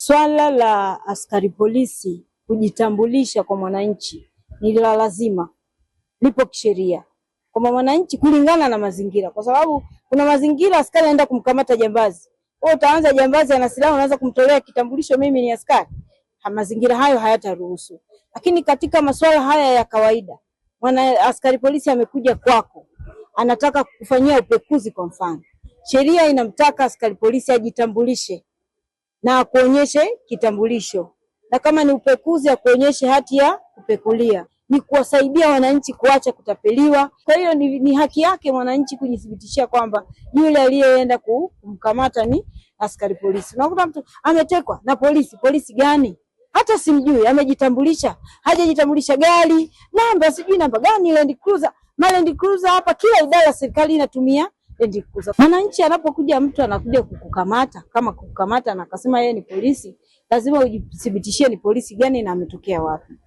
Swala la askari polisi kujitambulisha kwa mwananchi ni la lazima, lipo kisheria kwamba mwananchi, kulingana na mazingira, kwa sababu kuna mazingira askari anaenda kumkamata jambazi. Wewe utaanza, jambazi ana silaha, unaanza kumtolea kitambulisho, mimi ni askari ha, mazingira hayo hayataruhusu. Lakini katika masuala haya ya kawaida, mwana askari polisi amekuja kwako, anataka kufanyia upekuzi, kwa mfano, sheria inamtaka askari polisi ajitambulishe na akuonyeshe kitambulisho, na kama ni upekuzi akuonyeshe hati ya kupekulia. Ni kuwasaidia wananchi kuacha kutapeliwa. Kwa hiyo ni, ni haki yake mwananchi kujithibitishia kwamba yule aliyeenda kumkamata ni askari polisi. Unakuta mtu ametekwa na polisi, polisi gani? Hata simjui, amejitambulisha, hajajitambulisha, gari namba sijui namba gani, Land Cruiser, ma Land Cruiser hapa, kila idara ya serikali inatumia endi kukuza. Mwananchi anapokuja mtu anakuja kukukamata, kama kukukamata na akasema yeye ni polisi, lazima ujithibitishie ni polisi gani na ametokea wapi.